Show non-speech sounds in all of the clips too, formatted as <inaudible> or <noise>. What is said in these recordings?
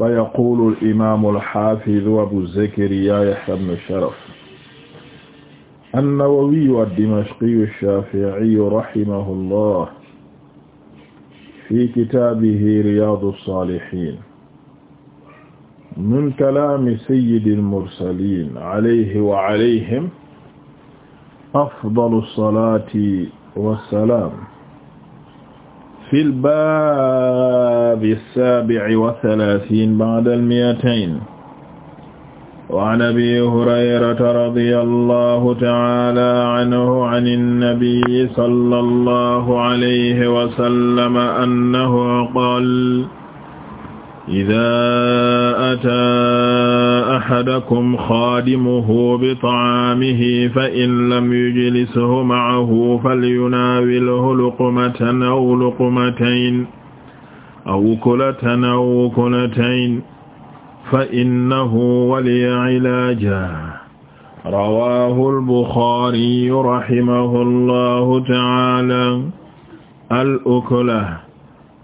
fa yaqulu al-imaamu al-haafidu Abu Zakariyaa Yahyaa ibnu Sharaf an-Nawawiyyu ad-Dimashqiyyu ash-Shaafi'iyyu rahimahullaah fi kitaabihi Riyaadu as-Saalihiin min kalaami sayyidi al-mursaliin alayhi wa alayhim afdalu as-salaati wa as-salaam fi lbaabi saabi'i wa salaasiin ba'dal mi'atayn wa 'an abii hurayrata radiyallaahu ta'aalaa 'anhu 'ani nnabiyyi sallallaahu 'alayhi wa sallam annahu qaala idhaa ataa ahadakum xaadimuhu bi ta'aamihi fa in lam yujlishu ma'ahu falyunaawilhu luqmatan aw luqmatayn aw kulatan aw kulatayn fa innahu waliya ilaaja rawaahu al-Buxaariyu rahimahu llahu ta'aala al-ukla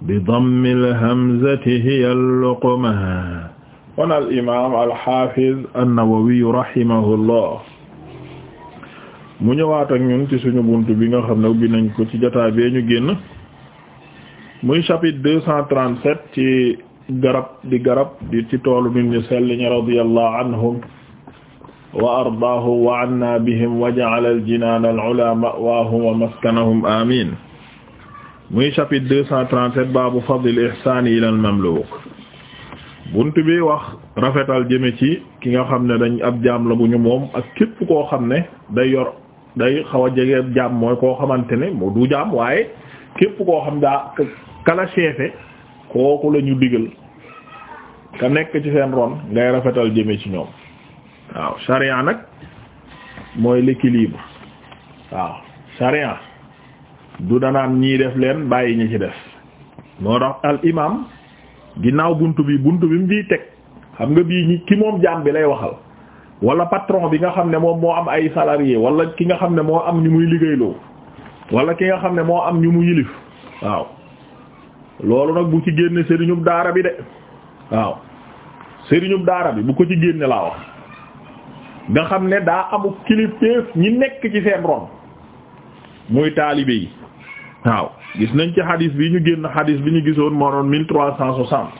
bi dammi al-hamzati hiya al-luqma kon al imaam al xaafiz an-Nawawi mu ñëwaat ak ñun ci suñu bunt bi nga xam ne ubbi nañ ko ci jotaay bee ñu génn muy chapitre deux cent trente sept ci garab di garab di ci toolu nit ñu sell ñi radiyallahu anhum wa ardaahu wa anna bihim wa ja'ala al-jinaan al-ulaa ma'waahum wa maskanahum amiin muy chapitre deux cent trente sept baabu fadl al al mamluuk bunt bi wax rafetal jëme ci ki nga xam ne dañ ab jaam la bu ñu moom ak képp koo xam ne day yor day xaw a jege jaam mooy koo xamante ne moo du jaam waaye képp koo xam daa kala seefe kooku la ñu digal ka nekk ci seen ron ngay rafetal jëme ci ñoom waaw sharia nag mooy l'équilibre waaw sharia du danaan ñii def leen bàyyi ñi ci def moo tax al imam ginnaaw buntu bi buntu bi mu ciy teg xam nga bii ñi ki moom jaam bi lay waxal wala patron bi nga xam ne moom moo am ay salarié wala ki nga xam ne moo am ñu muy liggéeyloo wala ki nga xam ne moo am ñu mu yilif waaw loolu nag bu ci génne sëriñub daara bi de waaw sëriñub daara bi bu ko ci génne laa wax nga xam ne daa amu kilifteef ñi nekk ci seen ron muy taalibe yi waaw gis nañ ci xadis bi ñu génn xadis bi ñu gisoon moo doon mille trois cent soixante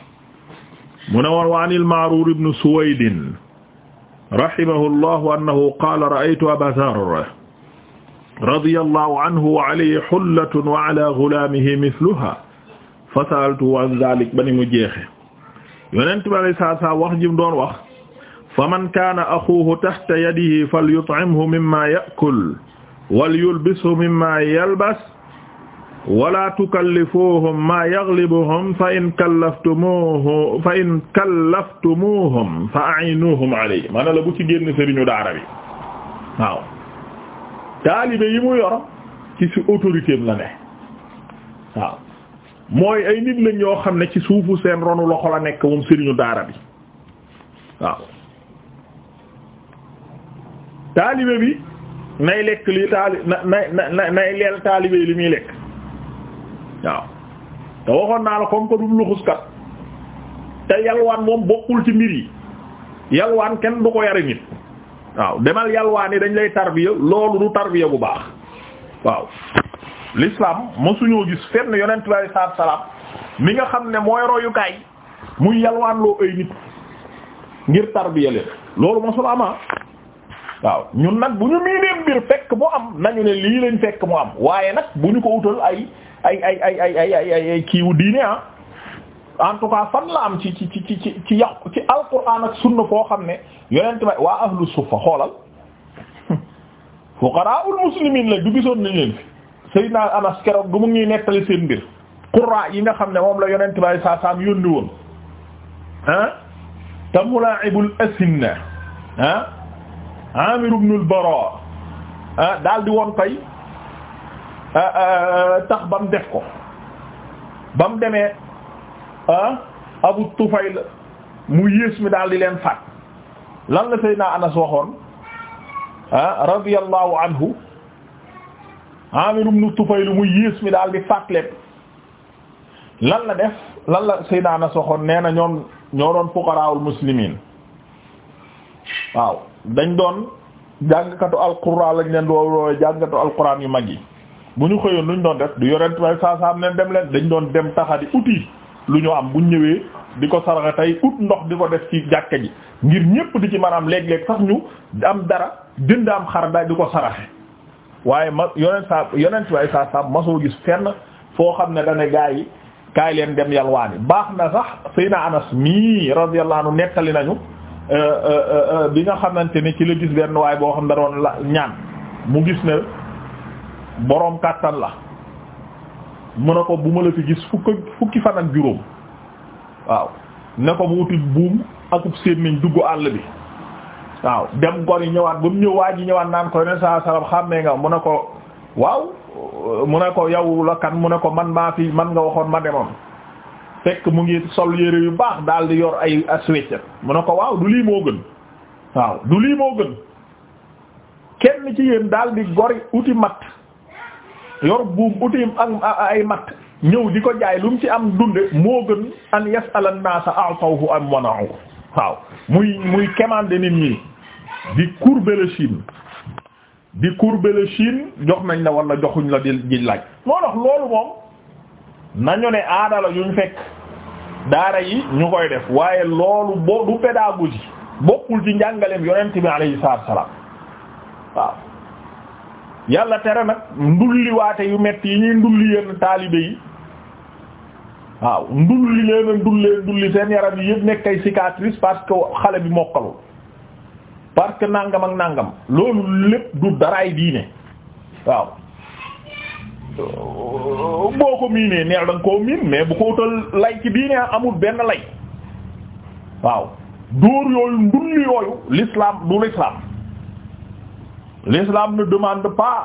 mu ne woon wa anil Ma'rur ibn Suwayd rahimahullahu annahu qaala ra'aytu Abaa Zarr radiyallahu anhu wa alayhi hullatun wa ala ghulaamihi mithluhaa fasaltu an zalik ba ni mu jeexe yonent bi alay saa saa wax jim doon wax fa man kaana axuuhu tahta yadihi falyut'imhu mimmaa ya'kul walyulbishu mimmaa yalbas wala tukallifuuhum maa yaghlibuhum fa in kallaftumuuhum fa a'inuuhum alayhi ma la bu ci génn sëriñu daara bi waaw taalibe yi mu yor ci si autorité la ne waaw mooy ay nit lañ yoo xam ne ci suufu seen ronu loxo la nekk moom sëriñu daara bi waaw taalibe bi nay lekk li taali na nay nay nay leel taalibe li muy lekk waaw te waxoon naa la comme que du luxuskat te yalwaan moom bokkul ci mbir yi yalwaan kenn du ko yari nit waaw demal yalwaan yi dañ lay tarbiya loolu du tarbiya bu baax waaw l'islam ma suñoo gis fenn yonent bi alei salaam mi nga xam ne mooy royukaay muy yalwaan loo ay nit ngir tarbiya leen loolu ma sula ama ah. waaw ñun nag bu ñu miinee mbir fekk mu am nañu ne lii lañ fekk mu am waaye nag bu ñu ko utal ay ay ay ay ay ay ay ay kiiwu diine ah. en tout cas fan la am ci ci ci ci ci yàqu ci alquran ak sunna foo xam ne yonent ba waa ahlu suffa xoolal <laughs> fuqaraul muslimin la du gisoon nañ leen fi Seydina Anas keroog du mu ngi nettali seen mbir qurra yi nga xam ne moom la yonent bay saa saam yónni woon ah te mulaibul asinna ah Amir ibn al-Bara ah, daal di woon koy ah, ah, tax ba mu def ko ba mu demee Abu Tufayl mu yées mi daal di leen faat lan la Seydina Anas waxoon radiyallahu anhu Amir ibn Tufayl mu yées mi daal di faat leen lan la def lan la Seydina Anas waxoon nee na ñoom ñoo doon fuqaraawul muslimiin waaw dañ doon jàngkatu alquran lañ leen doon jàngkatu alquran yu mag yi bu ñu xëyoon luñ doon def du yorent way saa am leen dem leen dañ doon dem taxadi uti lu ñu am buñ ñëwee di ko saraxe tey ut ndox di ko def ci jàkka ji ngir ñépp di ci maanaam léeg-léeg sax ñu am dara jënd am xar daal di ko saraxe waaye ma yonent saa yonent way saa saam masoo gis fenn foo xam ne dana gaa yi kaay leen dem yalwaani baax na sax Seydina Anas mii radiyallahu anhu nettali nañu Euh, euh, euh, bi nga xamante ni ci la gis benn waaye boo xam da doon la ñaan mu gis ne boroom kàttan la mu ne ko bu ma la fi gis fukk fukki fan ak juróom waaw ne ko mu wuti buum akub sémmiñ dugg àll bi waaw dem gor yi ñëwaat ba mu ñëwaat waa ñëwaat naan ko yoneen saa salaam xàmmee nga mu ne ko waaw mu ne ko yow la kan mu ne ko man maa fi man nga waxoon ma demoon fekk mu ngi sol yére yu baax daal di yor ay asweccet mu ne ko waaw du lii moo gën waaw du lii moo gën kenn ci yéen daal di gori uti matt yor buum uti ak ay matt ñëw di ko jaay lum ci am dunde moo gën an yas'ala an-nasa a'tawhu am wana'u waaw muy muy commander nit ñi di courber l'échine di courber l'échine jox nañ la wala joxuñ la di di laaj moo tax loolu moom nañu ne aadala yuñ fekk daara yi ñu koy def waaye loolu boo du pédagogie bokkul ci njàngaleem yonent bi alayhi salaatu salaam waaw yàlla tere nag ndulliwaate yu metti yi ñuy ndulli yenn taalibe yi waaw ndulli leen a ndullee ndulli seen yaram yi yëpp nekk ay cicatrice parce que xale bi mokkalu parce que nàngam ak nàngam loolu lépp du daraay diine waaw Euh, boo ko miinee neel da koo miin mais bu ko utal lay ci diine amul benn lay waaw dóor yooyu ndulli yooyu l'islam du l'islam l'islam ne demande pas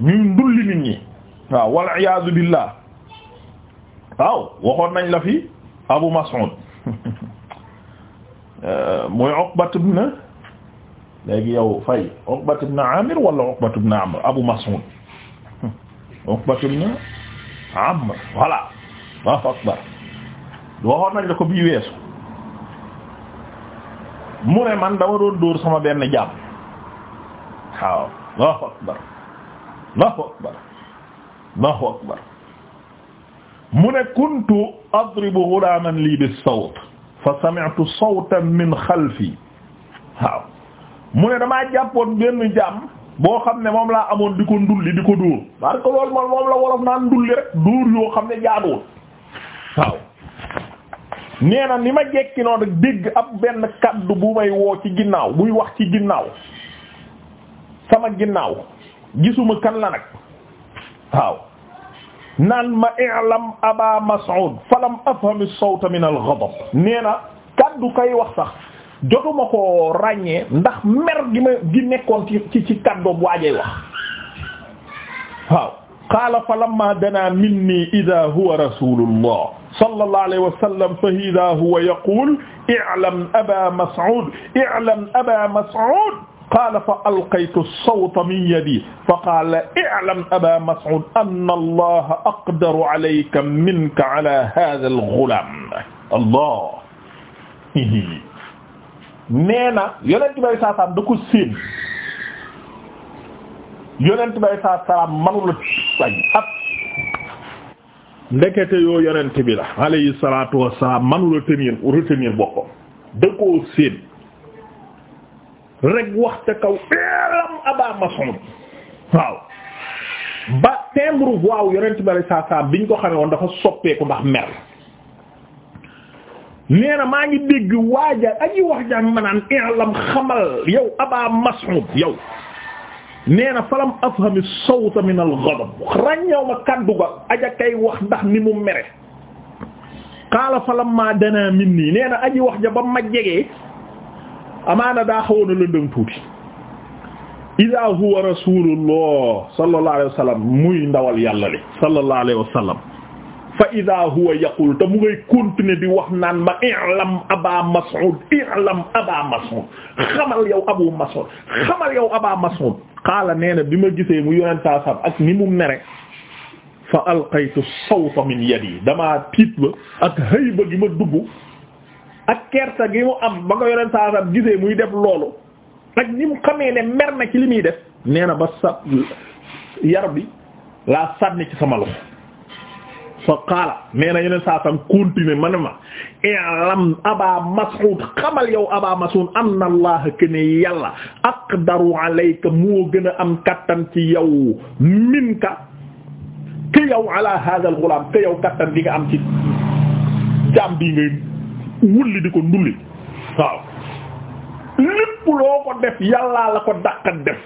ñuy ndulli nit ñi waaw wal iyaazu billah waaw waxoon nañ la fi Abu Mas'ud <laughs> euh, mooy Uqbat ibn léegi yow fay Uqbat ibn Amir wala Uqbat ibn Amr Abu Mas'ud Uqbatu ibn Amr voilà Allahu akbar waxoon nañ la ko bii weesu mu ne man dama doon dóor sama benn jaam waaw Allahu akbar Allahu akbar Allahu akbar mu ne kuntu adribu ghulaman lii bis-sawt fa sami'tu sawtan min xalfi waaw mu ne damaa jàppoon benn jaam boo xam ne moom laa amoon di ko ndulli di ko dóor moom la wolof naan ndulli rek dóor yoo xam ne jaaduwul waaw nee na ni ma jekki noonu dégg ab benn kaddu bu may woo ci ginnaaw buy wax ci ginnaaw sama ginnaaw gisuma kan la nag waaw naan ma i'lam aba mas'ud falam afham as-sawt min al nee na kaddu kay wax sax jotuma ko ràññee ndax mer gi ma gi nekkoon ci ci kaddoom waajay wax waaw qaala fa lamma dana minni ida huwa rasulullah sallallahu alayhi wa sallam fa ida huwa yaqul i'lam aba mas'ud i'lam aba mas'ud qaala fa alqaytu sawta min yadi fa qaala i'lam aba mas'ud anna allaha aqdaru alayka minka ala hadha al-ghulam allah <laughs> nee na yonent ba saa saam da ko séen yonent bay saa saam manula wañ ab ndekete yoo yonent bi la alayhi salaatu wassalaam manula tenir retenir boppam da koo séen rek ca kaw elam Aba Mas'ud waaw ba timbre waaw yonent bi alayhi salaatu biñ ko xamee woon dafa soppeeku ndax mer nee na maa ngi dégg waaja aji wax jaan manaan i'lam xamal yow aba mas'ud yow nee na falam afhami sawta min al-ghadab ràññeew ma kaddu ga aja kay wax ndax ni mu mere qaala falamma dana minni nee aji wax ja ba ma jegee amaana daa xawoon a lëndëm tuuti idaa huwa rasulullah sallallahu alayhi wa sallam muy ndawal yàlla li sallallahu alayhi wa sallam fa idaa huwa yaqul te mu ngay continuer di wax naan ma i'lam aba mas'ud i'lam aba mas'ud xamal yow abu mas'ud xamal yow aba mas'ud qaala nee na bi ma gisee mu yonentaa sam ak ni mu mere fa alqaytu sawta min yadi damaa tiit ba ak hayba gi ma dugg ak kersa gi mu am ba nga yonentaa sam gisee muy def loolu ak ni mu xamee ne mer na ci li muy def nee na ba sa yar bi laa sànni ci sama loxo fa qaala nee na yeneen saa sam continuer ma ne ma i'lam aba mas'ud xamal yow aba mas'ud anna allah ken yàlla aqdaru alayka moo gën a am kattan ci yow minka ke yow ala hadha al ghulam ke yow kattan di nga am ci jaam bi ngay wulli di ko ndulli waaw lépp loo ko def yàllaa la ko dàqat def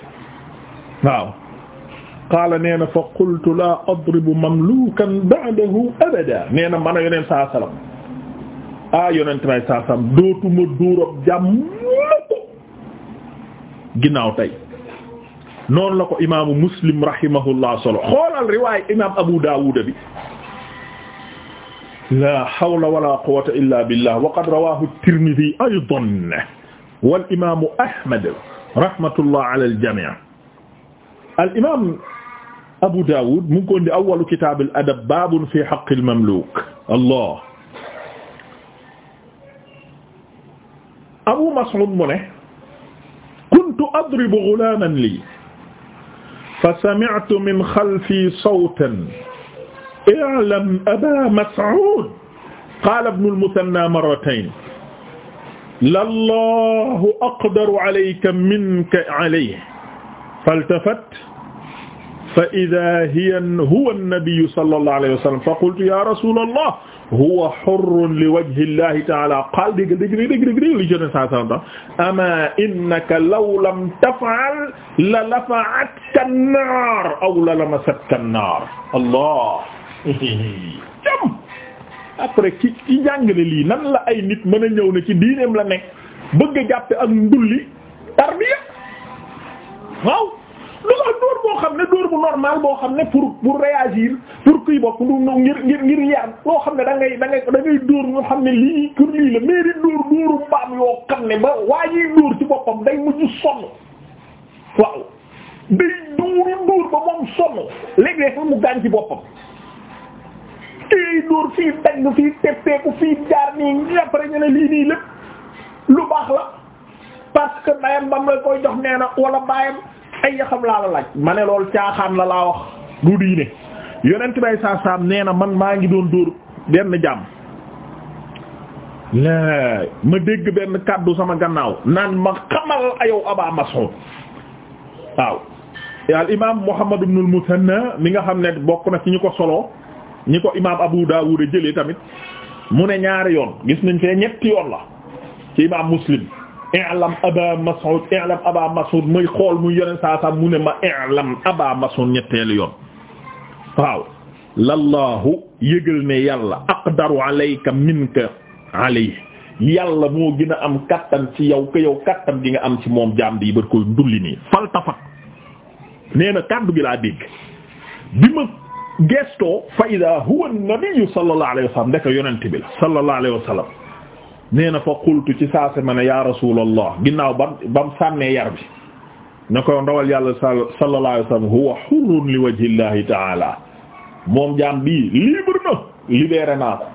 waaw qaala nee na fa qultu laa adribu mamlukan ba'dahu abada nee na man a yonent saa salaam ah yonent may saa salaam dootuma dóor ab jàmm ginnaaw tey noonu la ko imaamu muslim rahimahullah solo xoolal riwaay imaam Abu Daawuda bi. laa hawla wala quwwata illaa billah wa qad rawaahu Tirmidhi aydan wal imaamu Ahmad rahmatullah ala al jamii al imaam. Abu Dawud mu ngi ko indi awwalu kitaabil adab baabun fi haqqil mamluuk allah Abu Mas'ud mu ne kuntu adribu ghulaaman lii fa sami'tu min khalfii sawtan i'lam Abaa Mas'ud qaala ibnul Muthannaa marratayn lallaahu aqdaru alayka minka alayhi faltafat fa ida hiya huwa an-nabiy sallallahu alayhi wa sallam fa qultu ya rasulallah huwa hurrun li wajhi llahi ta'ala qaal dégg dégg dégg dégg dégg li jone sa sallam ama innaka law lam taf'al la lafa'atka an-nar aw la lamasatka an-nar allah <laughs> jam après ki ki jàngale lii nan la ay nit mën a ñëw ne ci diineem la nekk bëgg a jàppe ak ndulli tarbiya waaw lu ma dóor boo xam ne dóor bu normal boo xam ne pour pour réagir pour kii bokk ngir ngir ngir yar loo xam ne da ngay da ngay da ngay dóor ñu xam ne lii kër lii la mais dóor dóoru mbaam yoo xam ne ba waa yiy dóor ci boppam day mujj sonn waaw day dóori dóor ba moom sonn léeg-léeg mu gaañ ci boppam kii dóor fii dagg fii teppeeku fii jaar nii après ñu ne lii nii lépp lu baax la parce que bam la koy jox nee na wala baayam ay yaxam laa la laaj ma ne lool caaxaan la laa wax du diine yonent bay saa saam nee na man maa ngi doon dóor benn jàmm ma dégg benn kàddu sama gannaaw naan ma xamal ayow Aba Mas'ud waaw al imaam Muhammad ibn al-Muthanna mi nga xam ne bokk na ci ñu ko solo ñi ko imaam Abu Dawud jëlee tamit mu ne ñaari yoon gis nañ fee ñetti yoon la ci imaam Muslim i'lam aba mas'ud i'lam aba mas'ud muy xool muy yoneen saa saa mu ne ma i'lam aba mas'ud ñetteelu yoon waaw lallaahu yëgal ne yàlla aqdaru alayka minka alayhi yàlla moo gën a am kattan ci yow ka yow kattan gi nga am ci moom jaam bi ba koy ndulli nii faltafat nee na kàddu gi laa dégg bi ma gestoo fa idaa huwa an-nabi sallallahu alayhi wa sallam ndeka yonent bi la sallallahu alayhi wa sallam nee fa qultu ci saase ma ne ya rasulallah ginnaaw bam sànnee yar bi na ko ndawal yàlla sallallahu alayhi wasallam huwa hurrun li wajhillahi taala moom jaam bii libre na libéré naa ko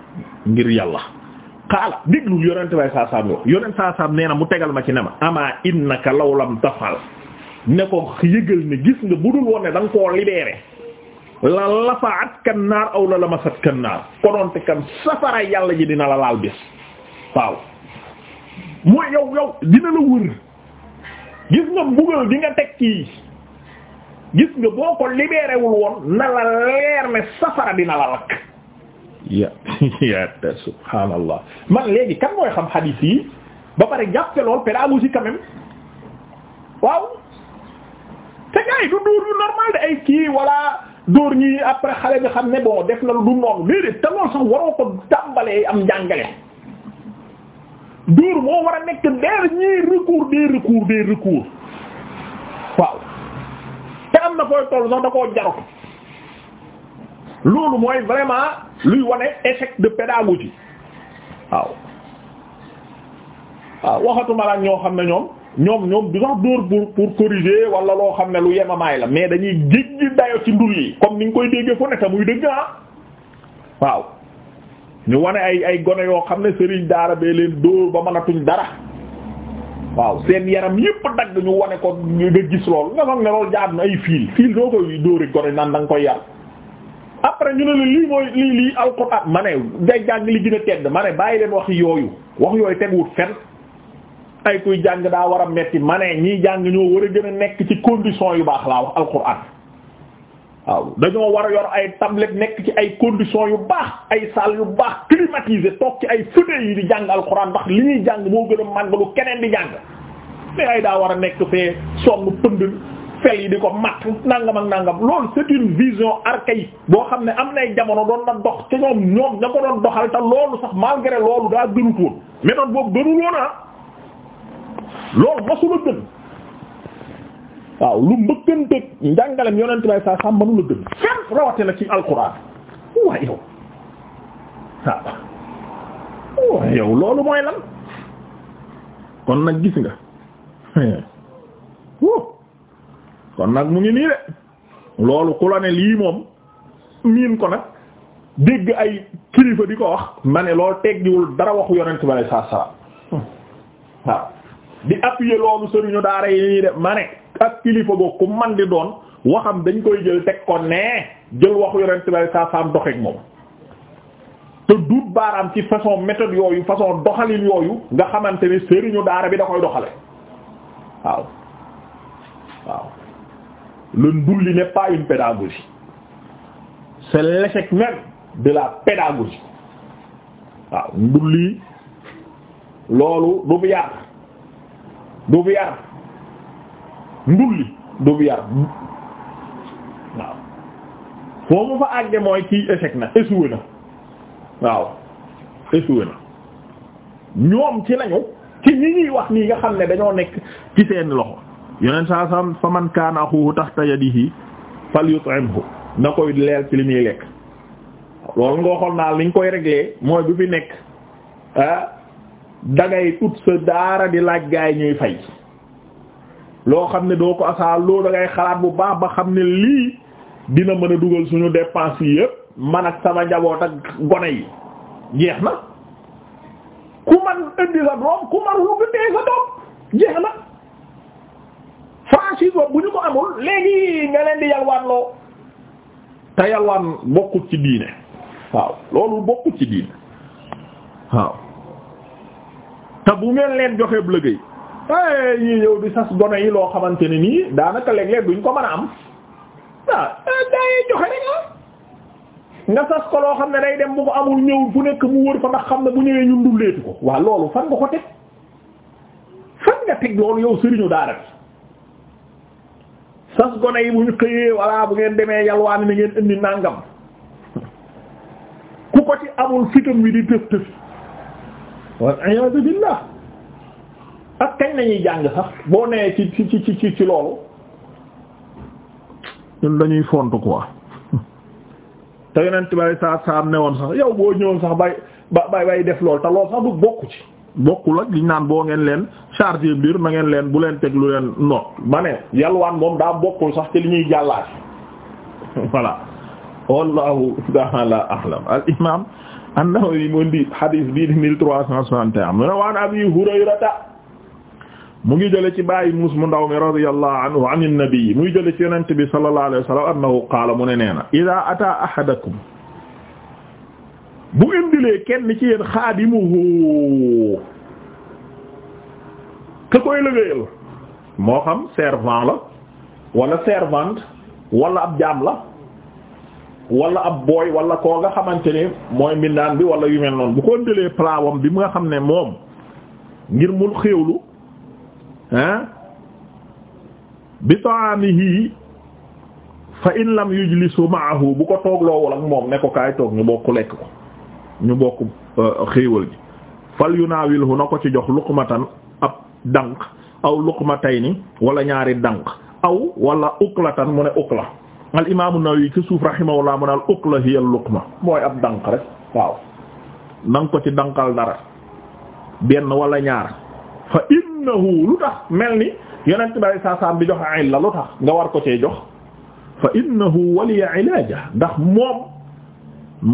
ngir yàlla xaala déglul yonent bay saasaam yo yonent saasaam nee mu tegal ma ci ne ma ama innaka law lam tafal ne ko yëgal ne gis nga budul woon ne da nga koo la lafaat kan naar aw la la masat kan naar safara yàlla ji dina la laal bés waaw mooy yow yaw dina la wër gis nga mbugal di teg ci gis nga boo ko libéré woon na la leer ne safara dina la lakk ya <laughs> ya ta man léegi kan mooy xam hadith yi ba pare jàppe lool pédagogie quand même waaw te gars yi du ay kii wala dóor après xale bi xam ne bon def lu du noonu léegi te lool sax waroo ko tàmbalee am njàngale buur moo war a nekk dernier recours des recours des recours waaw te am na fooy toll sax da koo jarut loolu mooy vraiment luy wane échec de pédagogie waaw waaw waxatuma la ñoo xam ne ñoom ñoom ñoom du sax dóor pour pour corriger wala loo xam ne lu yemamaay la mais dañuy jéggi dayo ci ndul yi comme ni nga koy déggee fu nekk muy dëgg ah waaw ñu wane ay ay gone yoo xam ne sëriñ daara bee leen dóor ba mënatuñ dara waaw seen yaram yépp dagg ñu wane ko nga gis lool nga foog ne loolu jaar na ay fiil fiil doo koy dóori gone naan da nga koy yar après ñu ne la lii mooy lii lii alxuraan ma ne ngay jàng li gën a tedd ma bàyyi leen wax yooyu wax yooyu teguwut fen ay kuy jàng daa war a metti ma ne ñiy jàng ñoo war a gën a nekk ci condition yu baax laa wax alxuraan waaw dañoo war a yor ay tablette nekk ci ay conditions yu baax ay salle yu baax climatisé toog ci ay fauteuils yi di jàng alxuraan ndax li ñuy jàng moo gën a màgg lu keneen di jàng mais ay daa war a nekk fee sonn pënd fel yi di ko mat nangam ak nangam loolu c'est une vision archaïque boo xam ne am nay jamono doon na dox te ñoom ñoom ña ko doon doxal te loolu sax malgré loolu daa gënut woon méthode boobu gënul woon ah loolu masula gën waaw lu mbëkkanteeg njàngalem yonent bay saa saa mënu la gën fenn rawate na ci alquran waaye yow waaw waaye yow loolu mooy lan kon nag gis nga <laughs> kon nag mu ngi nii de loolu ku la ne lii moom miin ko nag dégg ay kilifa di ko wax ma ne loolu teggiwul dara waxu yonent bi alay saa saa waaw di appuyer loolu sëriñu daara yi nii de ma ne ak kilifa googu ku man di doon waxam dañ koy jël teg ko nee jël waxu yonent bi saa saam doxeek moom te duut baaraam ci façon méthode yooyu façon doxalin yooyu nga xamante ni sëriñu daara bi da koy doxale waaw waaw le ndulli n'est pas une pédagogie c'est l'échec même de la waaw ndulli loolu du bu du bu ndulli du yar waaw foo mu fa àgge mooy kii échec na échoué na waaw échoué na ñoom ci lañu ci ñi ñuy wax nii nga xam ne dañoo nekk ci seen loxo yeneen saa sam fa man kaana axuhu tahta yadihi falyut'imhu na koy leel ci li muy lekk loolu nga waxoon naa li nga koy régler mooy bu fi nekk ah dangay ut sa daara di laaj gaay ñuy fay loo xam ne doo ko asaal loo da ngay xalaat bu baax ba xam ne lii dina mën a dugal suñu dépense yi man ak sama njaboot ak gone yi jeex na ku man indi sa doom ku man lu gëndee sa doom jeex na franchise bu ñu ko amul léegi nga leen di yalwaan loo te yalwaan bokkut ci diine waaw loolu bokkut ci diine waaw te bu ngeen leen joxee liggéey ay ñii ñëw di sas gone yi loo xamante ne nii daanaka léeg-léeg duñ ko mën a am waaw ah, daayee joxe rek ah. nga sas ko loo xam ne day dem bu ko amul ñëw bu nekk mu wër ko ndax xam ne bu ñëwee ñu dulleetu ko waaw loolu fan nga ko teg fan nga teg loolu yow sëriñu daara sas gone yi bu ñu xëyee walla bu ngeen demee yalwaani na ngeen indi nàngam ku ko ci amul fitam wi di tëf tëf wal iyaazu billah ak kañ lañuy jàng sax boo nee ci ci ci ci ci loolu ñun dañuy font quoi te yonent bay saa saa am ne sax yow boo ñëwoon sax bay bay bay def lool te lool sax du bokku ci bokkul ak liñ naan boo ngeen leen chargé biir na leen bu leen teg lu leen noot ma ne yalwaan moom daa bokkul sax ci li ñuy jàllaat <laughs> voilà wallahu ta'ala a'lam al imam an-Nawawi mu indi hadith bii di mille trois mu ngi jële ci bàyyi muus mu ndaw mi radiyallahu anhu an nabii mu ngi jële ci yonent bi sallallahu alayhi wa sallam annahu qaala ne nee na ida ata ahadakum bu indilee kenn ci yéen xaadimuhu ka koy liggéeyal xam servant la wala servante wala ab jaam la wala ab booy wala koo nga xamante ni mooy mbindaan bi wala yu mel noonu bu ko indilee plat wam bi mu nga xam ne moom ngir mu xéewlu ah bi ta'amihi fa in lam yujlisu ma'ahu bu ko toogloowul ak moom ne ko kaay toog ñu bokk lekk ko ñu bokk euh, xéewal gi fal yunaawilhu na ko ci jox luqmatan ab dànq aw ni wala ñaari dànq aw wala uqlatan mu ne uqla al imaamu Nawawi ci suuf rahimahullah mu ne al uqla hiya al luqma mooy ab dànq rek waaw na ko ci dànqal dara benn walla ñaar fa innahu lu tax mel ni yonent bi saa saam bi joxe illa lu tax nga war ko cee jox fa innahu waliya ilaaja ndax moom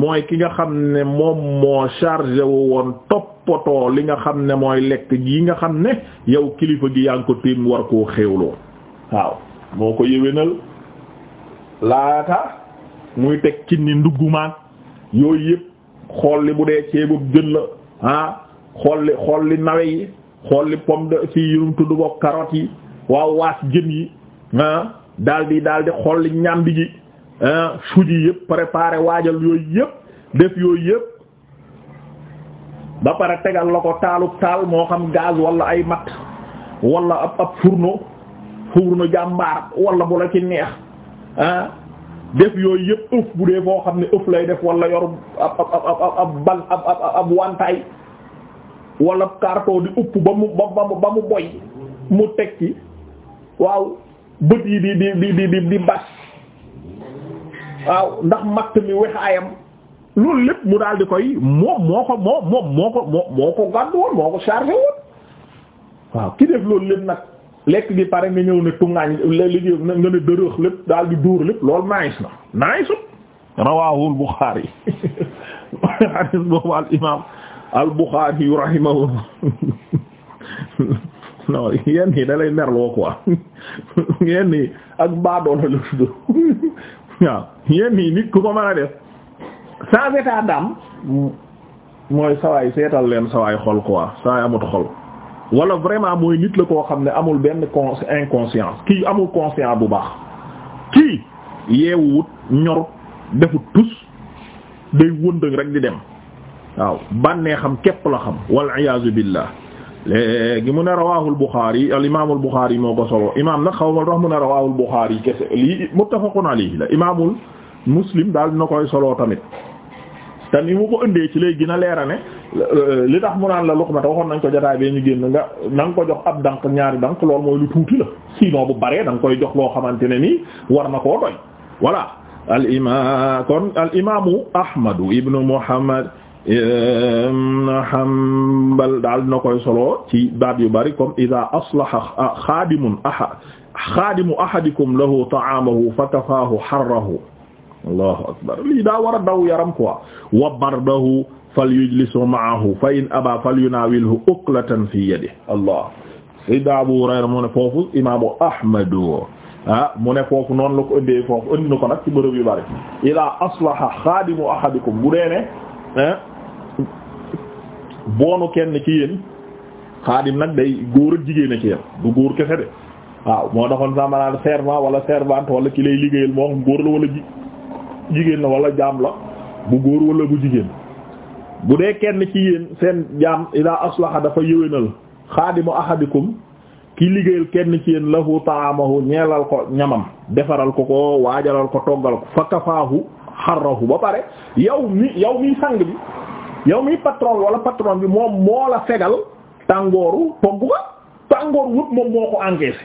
mooy ki nga xam ne moom moo chargé wu woon toppatoo li nga xam ne mooy lekk gi nga xam ne yow kilifa gi yaa ngi ko tiim war koo xéewloo waaw moo ko yéwénal laata muy teg ci ni nduggumaan yooyu yëpp xool li bu dee ceebub jën la ah xool li xool li nawe yi xool li pomme de ci yunum tudd bokk carottes yi waaw waas jën yi ah daal di daal di xool ji ah suji yëpp préparé waajal yooyu yëpp def yooyu yëpp ba pare tegal la ko taalu taal moo xam gaz wala ay mat wala ab ab fourneau fourneau jàmbaar wala bu ci neex ah def yooyu yëpp ëf bu dee foo xam ne ëf lay def wala yor ab ab ab ab ab wantaay wala carton di upp ba mu ba mu ba mu boy mu teg ci waaw bët yi di di di di di bas waaw ndax matt mi wexaayam loolu lépp mu daal di koy moom moo ko moo moo ko moo ko gàddu woon moo ko chargé woon waaw ki def loolu lépp nag lekk gi pare nga ñëw ne tungaañ liggéey nga ne dërëx lépp daal dóor lépp lool naagis na nagisut rawaahul Bukhari <laughs> hadis boobu al imam al-Bukhari yu rahimahullah non yenn yi lay merloo quoi yenn waaw yenn yi nit ku ko mën a def sans état d'âme mooy sawaay seetal leen sawaay xol quoi sawaay amut xol wala vraiment mooy nit la koo xam ne amul benn con inconscience kii amul conscience bu baax kii yeewuwut ñorut defut tus day wëndëng rek di dem waaw bannee xam képp la xam wal iyaazu billah léegi mu ne rawaahul Buxaari al imaamul Buxaari moo ko solo imaam nag xaw ma tax mu ne rawaahul Buxaari kese lii muttafaqun alayhi la imaamul Muslim daal dina koy solo tamit. te ni mu ko ëndee ci lay gën a leera ne li tax mu naan la ma te waxoon nañ ko jotaay bee ñu génn nga na nga ko jox ab dank ñaari dank lool mooy lu tuuti la sinon bu baree da nga koy jox loo xamante ne nii war na koo doy voilà al imaam kon al ibn Hanbal daal dina koy solo ci baat yu bari comme ida aslaha xaadimun aha xaadimu ahadikum lahu ta'aamahu fakafaahu harrahu allahu akbar lii daa war a daw yaram quoi wa bardahu falyujlisu ma'ahu fa in aba falyunaawilhu uklatan fi yadihi allah sayyidina Abu Hurayra mu ne foofu imaamu Ahmadu ah mu ne foofu noonu la ko indee foofu indi na ko nag ci bërëb yu bari ila aslaha xaadimu ahadikum bu dee ne ah, boonu kenn ci yéen xaadim nag day góor ak jigéen a ci yéen du góor kese de waaw moo taxoon sàmmanaan servant wala servante wala ki lay liggéeyal moo xam góor la wala jigéen la walla jaam la bu góor wala bu jigéen bu dee kenn ci yéen seen jaam ila aslaha dafa yëwénal xaadimu ahadikum ki liggéeyal kenn ci yéen lahu taamahu ñeelal ko ñamam defaral ko ko waajalal ko toggal ko fa kafaahu xarrahu ba pare yow mi yow mi sang bi yow mi patron wala patron bi moom moo la fegal tàngooru togg ko tàngoor wut moom moo ko encaissé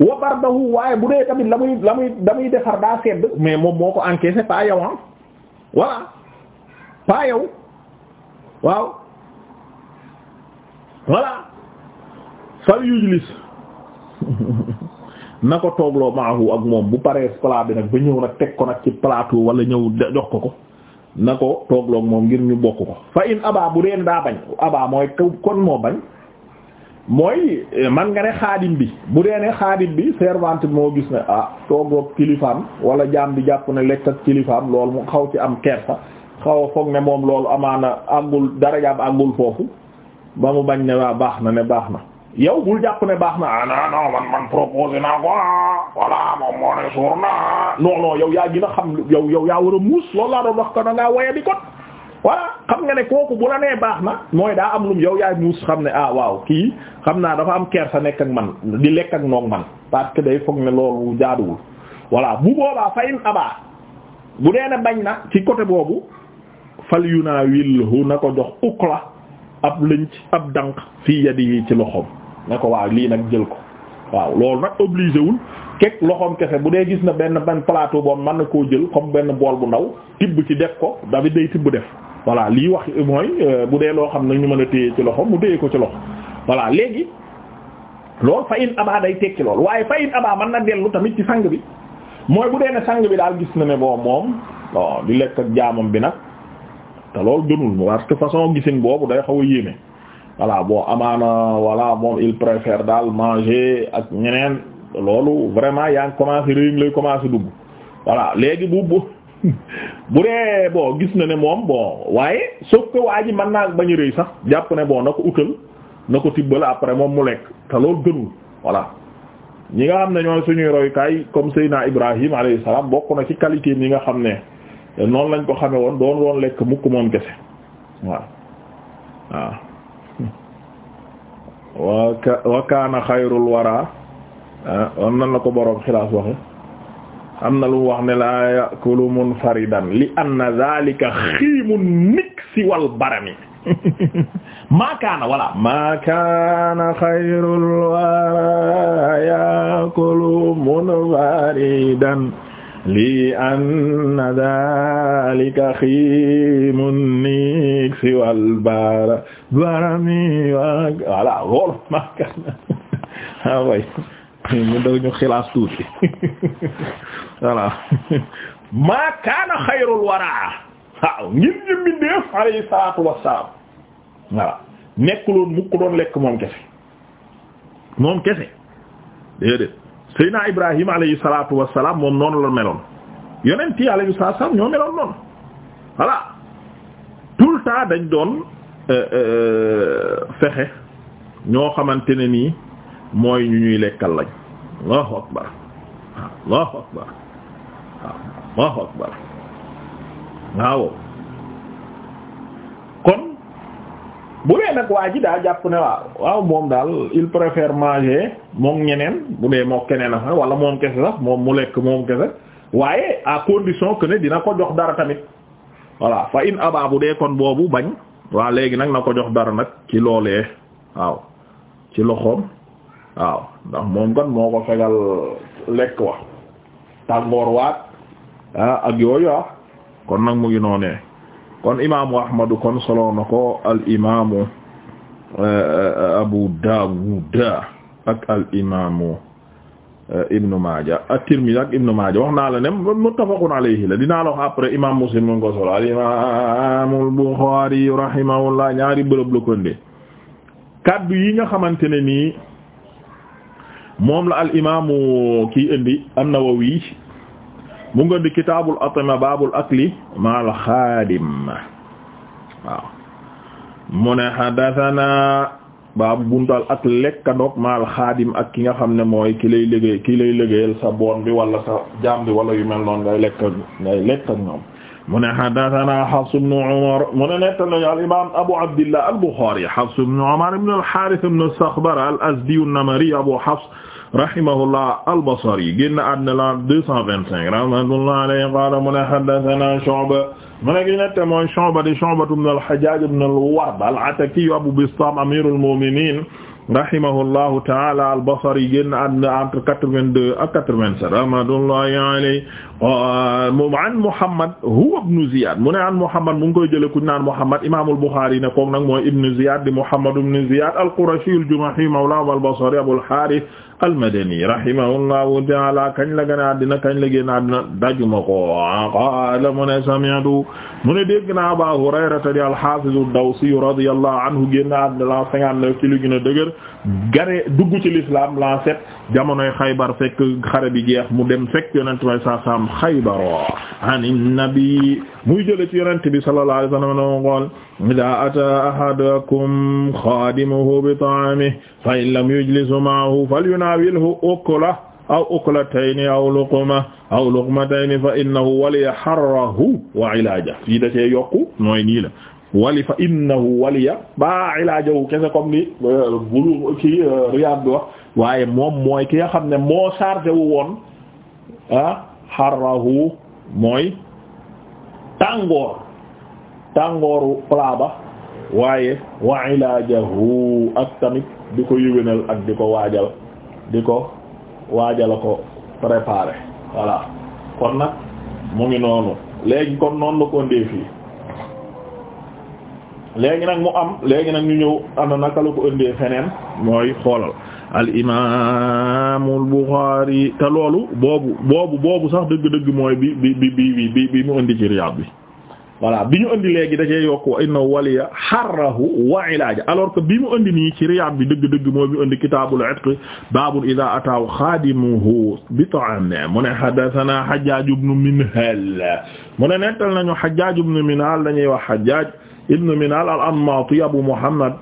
waaye bu dee tamit la muy la muy defar daa sedd mais moom moo ko encaissé pas yow ah voilà pas yow waaw voilà fal yujlis <laughs> na ko toogloo maahu ak moom bu paree plat bi nag ba ñëw nag teg ko nag ci plateau wala ñëw jox ko ko na ko toogloog moom ngir ñu bokk ko fa in abaa bu deen daa bañ abaa mooy kon moo bañ mooy eh, man nga ne xaadim bi bu dee ne xaadim bi servante moo gis ne ah toogloog kilifaam wala jaam bi jàpp ne lekk ak kilifaam loolu mu xaw ci am kersa xaw a foog ne moom loolu amaana àggul darajaam àggul foofu ba mu bañ ne waa baax na ne baax na yow bul jàpp ne baax na ah non non man man naa ko ah moom moo ne suur naa ah. non non yow yaa gën a xam yow yow yaa war a muus loolu laa wax ko da ngaa xam nga ne kooku bu la baax na mooy daa am lum yow yaay muus xam ne ah waaw kii xam naa dafa am kersa nekk ak man di lekk ak noog man parce que day foog ne loolu jaaduwul voilà bu boobaa fayin abaa bu dee ne bañ na ci côté boobu fal yu naa wil hu na ko jox ukla ab lënc ab dank fii yadi yi ci loxoom ne ko waaw lii nag jël ko waaw loolu nag obligé wul kekk loxoom kese bu dee gis na benn benn palaato boobu man na koo jël comme benn bool bu ndaw tibb ci def ko dafa day tibb def voilà lii wax mooy euh, bu dee loo xam ne ñu mën a téye ci loxo mu téye ko ci loxo voilà léegi loolu fa abaa day tekki lool waaye fa in abaa mën na dellu tamit ci sang bi mooy bu dee ne sang bi daal gis na ne boo moom bon di lekk ak jaamam bi nag te loolu gënul parce que façon boobu day xaw a yéeme voilà bon amaana voilà moom il préfère daal manger ak ñeneen loolu vraiment yaa ngi commencé réuni lay commencé dugg voilà léegi bu bu <laughs> bu dee bon gis na ne moom bo waaye sauf ko waa ji mën naa bañ a rëy sax jàpp ne bon na ko utal na ko tibbal après moom mu lekk te loolu gënul voilà ñi nga xam ne ñooy suñuy roykaay comme Seydina Ibrahim alayhi salaam bokk na ci qualité ñi nga xam ne noon lañ ko xame woon doon woon lekk mukk moom kese waaw waaw waka wakaana xayrul wara ah, am nan la ko boroom xilaas waxe am na lu mu wax ne laa yakulu munfaridan li anna zalika xiimu niksi wal barami <laughs> maakaana wala maakaana xayrul wara yakulu munfaridan li anna dhalika xiimun niksi wal bara barami voilà loolu maaka a way ah mu daw ñu xilaas tuuti voilà maa kaana xayrul waraa waaw ngir jëmbi ndeef alayhi salaatu wassalaam voilà nekkuloon mukk doon lekk moom kese moom kese déedéet Seydina Ibrahima alayhi salaatu wa salaam moom noonu la meloon yonent yi alayhi salaatu wa ñoo meloon noonu voilà tout le temps dañ doon euh, euh, fexe ñoo xamante ne nii mooy ñu ñuy lekkal lañ Allahu akbar Allahu akbar Allahu akbar waaw. bu dee nag waa ji jàpp ne waaw waaw moom daal il préfère manger moom ñeneen bu dee moo keneen a wala moom kese sax moom mu lekk moom kese waaye à condition que ne dina ko jox dara tamit voilà fa in aba dee kon boobu bañ waa léegi nag na ko jox dara nag ci loolee waaw ci loxoom waaw ndax moom kan moo ko fegal lekk wax tàngoor waat ah ak yooyu ah kon nag mu ngi kon imaamu ahmadu kon solo na ko al imaamu eh, eh, abu daawud ak al imaamu eh, ibnu maaja at-tirmidhi ak ibnu maaja wax naa la ne muttafaqun alayhi la dinaa la wax après imaam muslim mu ko solo al imaamul buxaari rahimahullah ñaari bërëb ko ndee kaddu yi nga xamante ne nii moom la al imaamu kii indi an-nawawi mu ngi di kitaabul atima baabul akli ma'al xaadim waaw mu ne hadathana baabu buntal ak lekkandoog ma'al xaadim ak ki nga xam ne mooy ki lay liggéey ki lay liggéeyal sa boon bi wala sa jaam bi wala yu mel noonu ngay lekk ngay lekk ak ñoom mu ne hadathana Hafs ibn Umar mu ne netta nañu al imam Abu Abdillah al-Bukhari Hafs ibn Umar ibn al-Harith ibn Sakhbar al-Azdi an-Namari Abu Hafs rahimahullah al-Basri génn àddina la 225 rahmatullah alayhi qala mu ne haddathana Shu'ba mu ne gi nette mooy Shu'ba di Shu'ba ibn al-Hajjaj ibn al-Ward al-Ataki Abu Bistam amirul mu'minin rahimahullahu ta'ala al-Basri génn àddina entre 82 ak 87 rahmatullahi alayhi an Muhammad huwa ibn Ziyad mu ne an Muhammad mu ngi koy jëlee ku ñu naan Muhammad imaamul Bukhari ne koog nag mooy ibn Ziyad di Muhammad ibn Ziyad al-Qurashi al-Jumahi mawla al-Basri Abul Harith almadani rahimahullahu taala kañ la gën a addina kañ la génn addina dajuma ko qaala mu ne sami'tu mu ne dégg naa Abaa Hurayrata di al-Haafiz ad-Dawsi radiyallahu anhu génn addina la 59 ci lu gën a dëgër gare dugg ci l'islam la 7 jamonoy xaybar fekk xare bi jeex mu dem fekk yonent bi saa saam xaybaro ani nabi muy jële ci yonent bi sallallahu alayhi wa sallam no ngool idaa ataa ahadakum xaadimuhu bi ta'amihi fa in lam yujlisu ma'ahu falyunaawilhu ukla aw uklatayni aw luqma aw luqmatayni fa innahu waliya harrahu wa ilaaja fii da cee yokku mooy nii la wali fa innahu waliya ba ilaajahu kese comme ni euh, bulu ci euh, Riyaad bi wax waaye moom mooy ki nga xam ne moo chargé wu woon ah xarrahu mooy tàngoor tàngooru pla ba waaye wa ilaajahu ak tamit di ko yëwénal ak di ko waajal di ko waajala ko préparé voilà kon nag mu ngi noonu léegi kon noonu la ko ndee fii léegi nag mu am léegi nag ñu ñëw ana naka la ko ëndee feneen mooy xoolal al imaamul Buxaari te loolu boobu boobu boobu sax dëgg-dëgg mooy bi bi bi bi bi bi mu indi ci Riyaad bi voilà bi ñu indi léegi da cee yokk wa inna waliya xarrahu wa ilaaja alors que bi mu indi nii ci Riyaad bi dëgg-dëgg mooy bi mu indi kitaabul itq baabul idaa ataaw xaadimuhu bi ta'aamin mu ne haddasanaa Hajjaaj ibnu Minhaal mu ne nettal nañu Hajjaaj ibnu Minhaal dañuy wax Hajjaaj ibnu Minhaal al-Anmaati Abu Muhammad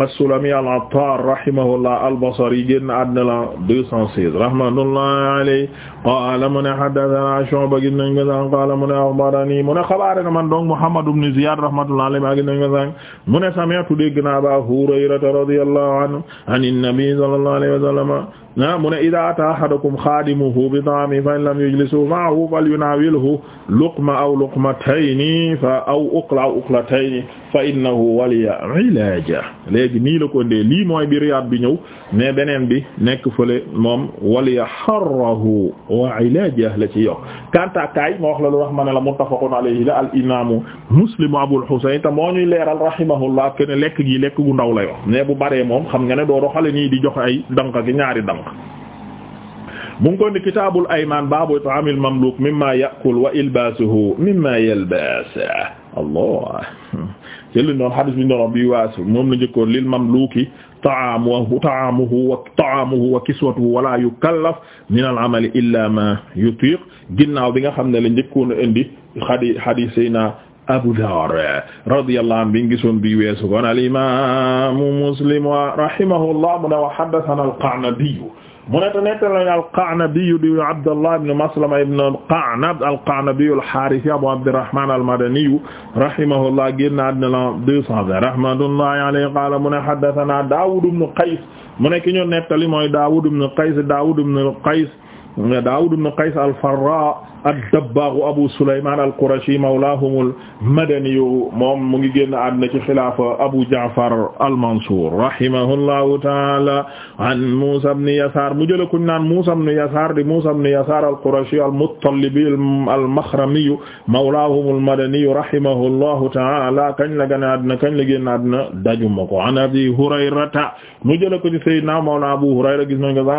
as-Sulami al-Attar rahimahullah al-Basri génn àddina la 216 rahmatullahi alayhi qaala mu ne haddathana Shu'ba gis nañ ko sànq qaala mu ne akhbarani mu ne xabaare na man donc Muhammad ibn Ziyad rahmatullahi alayhi maa gis nañ ko sànq mu ne sami'tu dégg naa Aba Hurayrata radiyallahu anhu an an-nabi sallallahu alayhi wa sallam ah mu ne ida ata ahadakum xaadimuhu bi ta'ami fa in lam yujlisu ma'ahu falyunaawilhu luqma aw luqmatayni fa aw uqla aw uqlatayni fa innahu waliya ilaaja léegi nii la ko ndee lii mooy bi riyaad bi ñëw mais beneen bi nekk fële moom waliya harrahu wa ilaaja la ci yox kanta kaay moo wax la lu wax ma ne la muttafaqun alayhi la al imaamu muslimu abul husayn te moo ñuy leeral rahimahullah ken lekk gi lekk gu ndaw la yox mais bu baree moom xam nga ne doo doxale nii di jox ay dank gi ñaari dank sànq mu ngi ko ni kitaabul aymaan baabu it'aamil mamluuk mimmaa ya'kul wa ilbaasuhu mimmaa yalbas allah ci li noon xadis bi doon bi waas moom la njëkkoon lil mamluuki ta'aamuhu ta'aamuhu wa ta'aamuhu wa kiswatuhu wa laa yukallaf min al-amali illaa maa yutiiq ginnaaw bi nga xam ne la njëkkoon a indi xadi xadis yi naa Abu Dar radiyallahu anhu bi ngi gisoon bi weesu kon al imam Muslim wa rahimahullah mu ne wa haddathana al-Qa'nabi mu ne te nettal nañu al-Qa'nabi di Abdullah ibn Maslama ibn al-Qa'nab al-Qa'nabi al-Harithi Abu Abdirrahman al-Madani rahimahullah génn na àddina la 220 rahmatullahi alayhi qala mu ne haddathana Dawud ibn Qays mu ne ki ñu nettali mooy Dawud ibn Qays Dawud ibn Qays Dawud ibn Qays al-Farra ad-Dabbaagu Abu Sulaymaan al-Qurashi mawlaahum al-Madani moom mu ngi génn àddina ci xilaafa Abu Ja'far al-Mansuur rahimahullahu ta'aala an Muusaa ibn Yasaar mu jël ku ñu naan Muusaa ibn Yasaar di Muusaa ibn Yasaar al-Qurashi al-Muttalibi al-Maxrami mawlaahum al-Madani rahimahullahu ta'aala kañ la génn àddina kañ la génn àddina dajuma ko an Abi Hurayrata mu jël ko ci Sayyidinaa mawlaana Abu Hurayra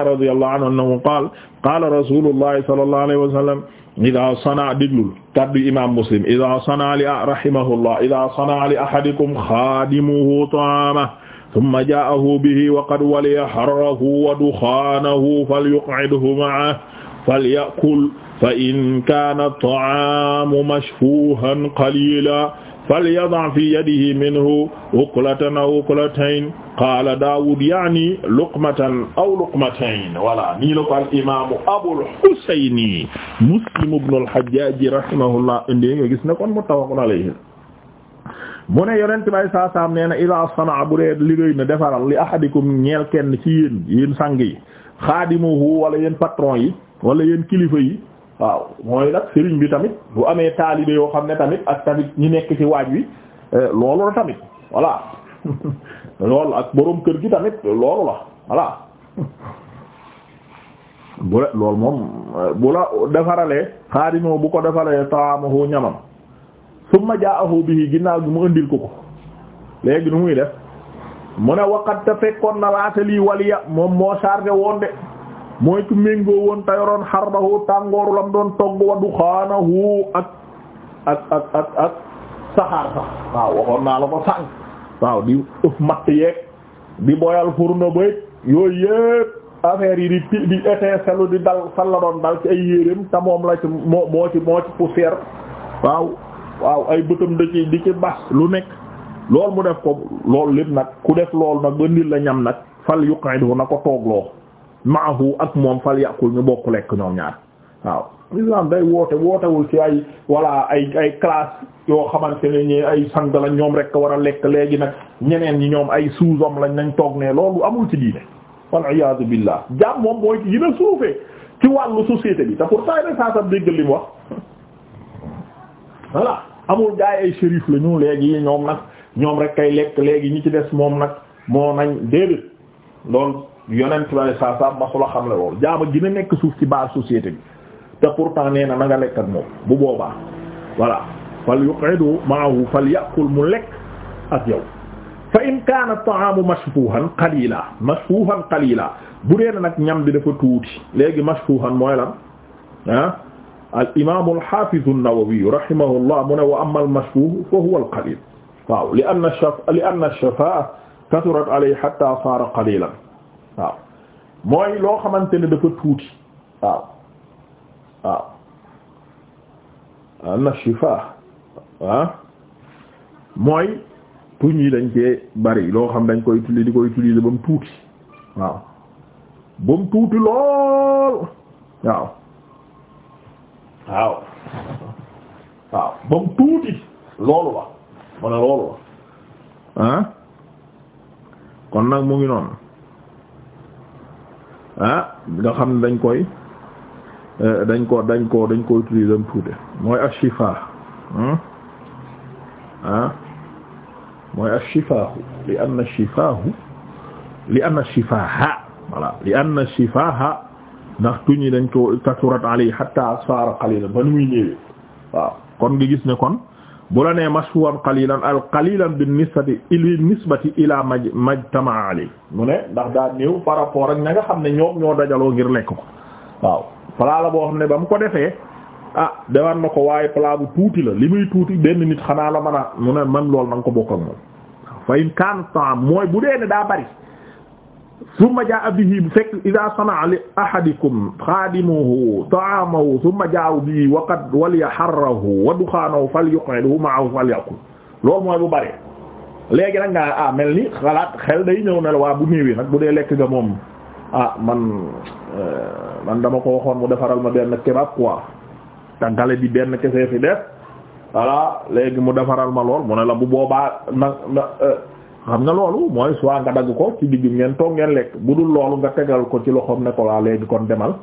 radiyallahu anhu qaala qaala rasuulullahi sallallahu alayhi wa sallam ida sana déglul kaddu imam muslim ida sana li rahimahullah ida sana li ahadikum xadimuhu taama thumma jaahu bihi wa qad waliya harrahu wa duxaanahu falyuq'idhu ma'ahu falyakul fa in kaana taamu mashfuhan qalila falyada fi yadihi minhu uqlatan aw uqlatayn qaala Daawud yaani luqmatan aw luqmatayn voilà nii la ko al imaamu Abul Husayni Muslim ibnul Hajjaaj rahimahullah indi nga gis ne kon muttafaqun alayhi mu ne yonent bay saa saam nee na idaa sanaa bu dee liggéey na defaral li ahadikum ñeel kenn ci yéen yéen sang yi xaadimuhu wala yéen patron yi wala yéen kilifa yi. waaw mooy nag sëriñ bi tamit bu amee taalibe yoo xam ne tamit ak tamit ñi nekk ci waaj wi eh, loolu la tamit voilà <laughs> loolu ak boroom kër gi tamit loolu la voilà <laughs> bu la loolu moom eh, bu la defaralee xaadimoo bu ko defaralee taamahu ñamam summa jaahu bihi ginnaaw gi mu indil ko ko léegi nu muy def mu ne waqat te fekkoon na laata lii waliya moom moo chargé woon de mooy ku méngoo woon tayoroon xarbahu tàngooru lam doon togg wa duxaanahu ak ak ak ak saxaar sax waaw waxoon naa la ko sànq waaw di ëf matt yeeg di boyal fourneau bëj yooyu yëpp affaire yi di ti di di dal san la doon dal ci ay yéreem te la ci moo moo ci moo waaw waaw ay bëtam da ci bas lu nekk loolu mu def ko loolu lépp nag ku def loolu nag ba nit la ñam nag fal yuqidhu na ko toogloo maahu ak moom fal yàqul ñu bokk lekk ñoom ñaar waaw islam day woote wootewul ci ay walla ay ay classe yoo xamante ne ñi ay sang lañ ñoom rek war a lekk léegi nag ñeneen ñi ñoom ay sous-hommes lañ nañ toog ne loolu amul ci diine wal iyaadu billah jaam moom mooy ci gën a suufee ci wàllu bi te pourtant ne saa sam dégg li mu wax voilà amul gaay ay shérif la léegi ñoom nag ñoom rek kay lekk léegi ñi ci des moom nag moo nañ déedéet loolu yonent bi saa saa masula xam la loolu jaama gën a nekk suuf ci baa société bi te pourtant nee na moom bu boobaa voilà fal yuqidu maahu fal yàqul mu lekk ak yow fa in kaana ta'aamu mashfuhan qalila mashfuhan qalila bu dee nag ñam bi dafa tuuti léegi mashfuhan mooy lan ah al imam al hafiz an-Nawawi mu ne wa amma al mashfuh fa huwa al qalil waaw li anna ash-shafaa li anna ash-shafaa kathurat alayhi hatta saara qalilan waaw mooy loo xamante ne dafa tuuti waaw waaw anna shifa ah mooy tuñ yi dañ cee bari loo xam dañ koy utiliser di koy utiliser ba mu tuuti waaw ba mu tuuti lool waaw waaw waaw ba mu tuuti loolu la mu ne loolu la ah kon nag mu ngi noonu ah nga xam ne dañ koy eh, dañ ko dañ ko dañ ko utiliser am tuuti mooy ashifa hmm? ah mooy ashifaahu li anna shifaahu li anna shifaaha voilà li anna shifaaha ndax tuñi dañ ko kasurat alay hatta asfara qalilan ba muy ñëwee kon nga gis ne kon bu la nee mashhuran qalilan al qalilan bi nisbati bi nisbati ila maj majtamaa alay mu ne ndax daa néew par rapport ak ña nga xam ne ñoom ñoo dajaloo ngir lekk ko waaw plat la boo xam ne ba mu ko defee ah dewaan na ko waaye plat bu tuuti la li muy tuuti benn nit xanaa la mën a mu ne man lool na ko bokk ak moom fa in kaan temps mooy bu dee ne daa bari summa jaa bihi bu fekk ida sanaa li ahadikum xaadimuhu taamahu summa jaa bihi wa qad waliya harrahu wa duxaanahu falyuqidhu ma'ahu falyakul loolu mooy bu bëree léegi nag nga ah mel ni xalaat xel day ñëw ne la waa bu néewee nag bu dee lekk nga moom ah man euh, man dama ko waxoon mu defaral ma benn kebab quoi tàngale bi benn kese fi def voilà léegi mu defaral ma lool mu ne la bu boobaa na na euh, xam nga loolu mooy soit nga dagg ko ci digg ngeen toog ngeen lekk bu dul loolu nga tegal ko ci loxoom ne ko waa léegi kon demal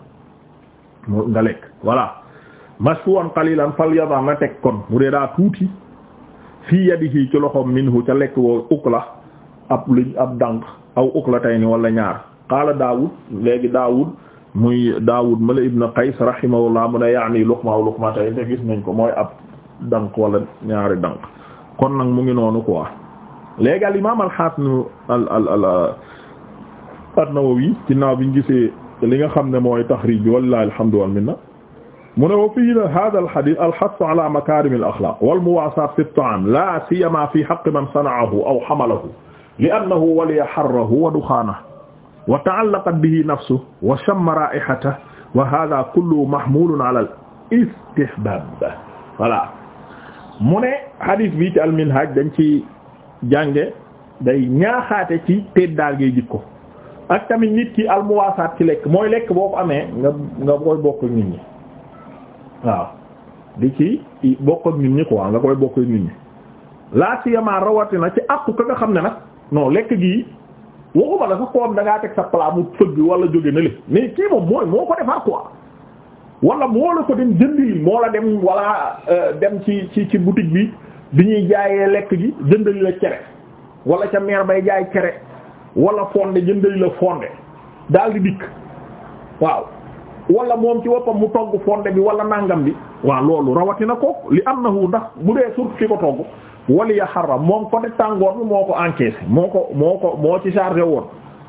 nga lekk voilà mashwan qalilan falyada na teg kon mu dee daa tuuti fii yadihi ci loxoom minhu ca lekk woo ukla ab luñ ab dànk aw ukla tay ni wala ñaar qaala Daawud léegi Daawud muy Daawud mala ibn Qays rahimahullah mu ne yaani luqma aw luqma tay te gis nañ ko mooy ab dànk wala ñaari dànk kon nag mu ngi noonu quoi léegi al imaam al xaatnu al al al euh, an-Nawawi ginnaaw bi ñu gisee li nga xam ne mooy taxriij bi wallaahi alhamdu wal minna mu ne wa fii haaza al hadiis al hassu alaa makaarimi al axlaaq wal muwaasaat fi at-ta'aam laa siyyamaa fii haqqi man sana'ahu aw hamalahu li'annahu waliya harrahu wa duxaanahu wa ta'allaqat bihi nafsuhu wa shamma raa'ihatahu wa haaza kulluhu mahmuulun alal istihbaab voilà mu ne hadiis bi ci al minhaaj dañ ci jànge day ñaaxaate ci teet daal ngay jikko ak tamit nit ki almuwaasaat ci lekk mooy lekk boo ko amee nga nga koy bokk nit ñi waaw di ci bokk ak nit ñi quoi nga koy bokk nit ñi laa siyamaa rawatina ci àqu ka nga xam ne nag no lekk gi waxuma la sax koom da teg sa plat fëgg wala jóge na li mais kii moom mooy moo ko defar quoi wala moo la ko dem jëndi moo la dem wala euh, dem ci ci ci boutique bi bi ñuy jaayee lekk gi jëndali la cere wala ca meer bay jaay cere wala fonde jëndali la fonde daal di dikk waaw wala moom ci woppam mu togg fonde bi wala nàngam bi waaw loolu rawatina ko li am na wu ndax bu dee surtout ki ko togg wali ya xaram moom côté tàngoor bi moo ko encaissé moo ko moo ko moo ci chargé woon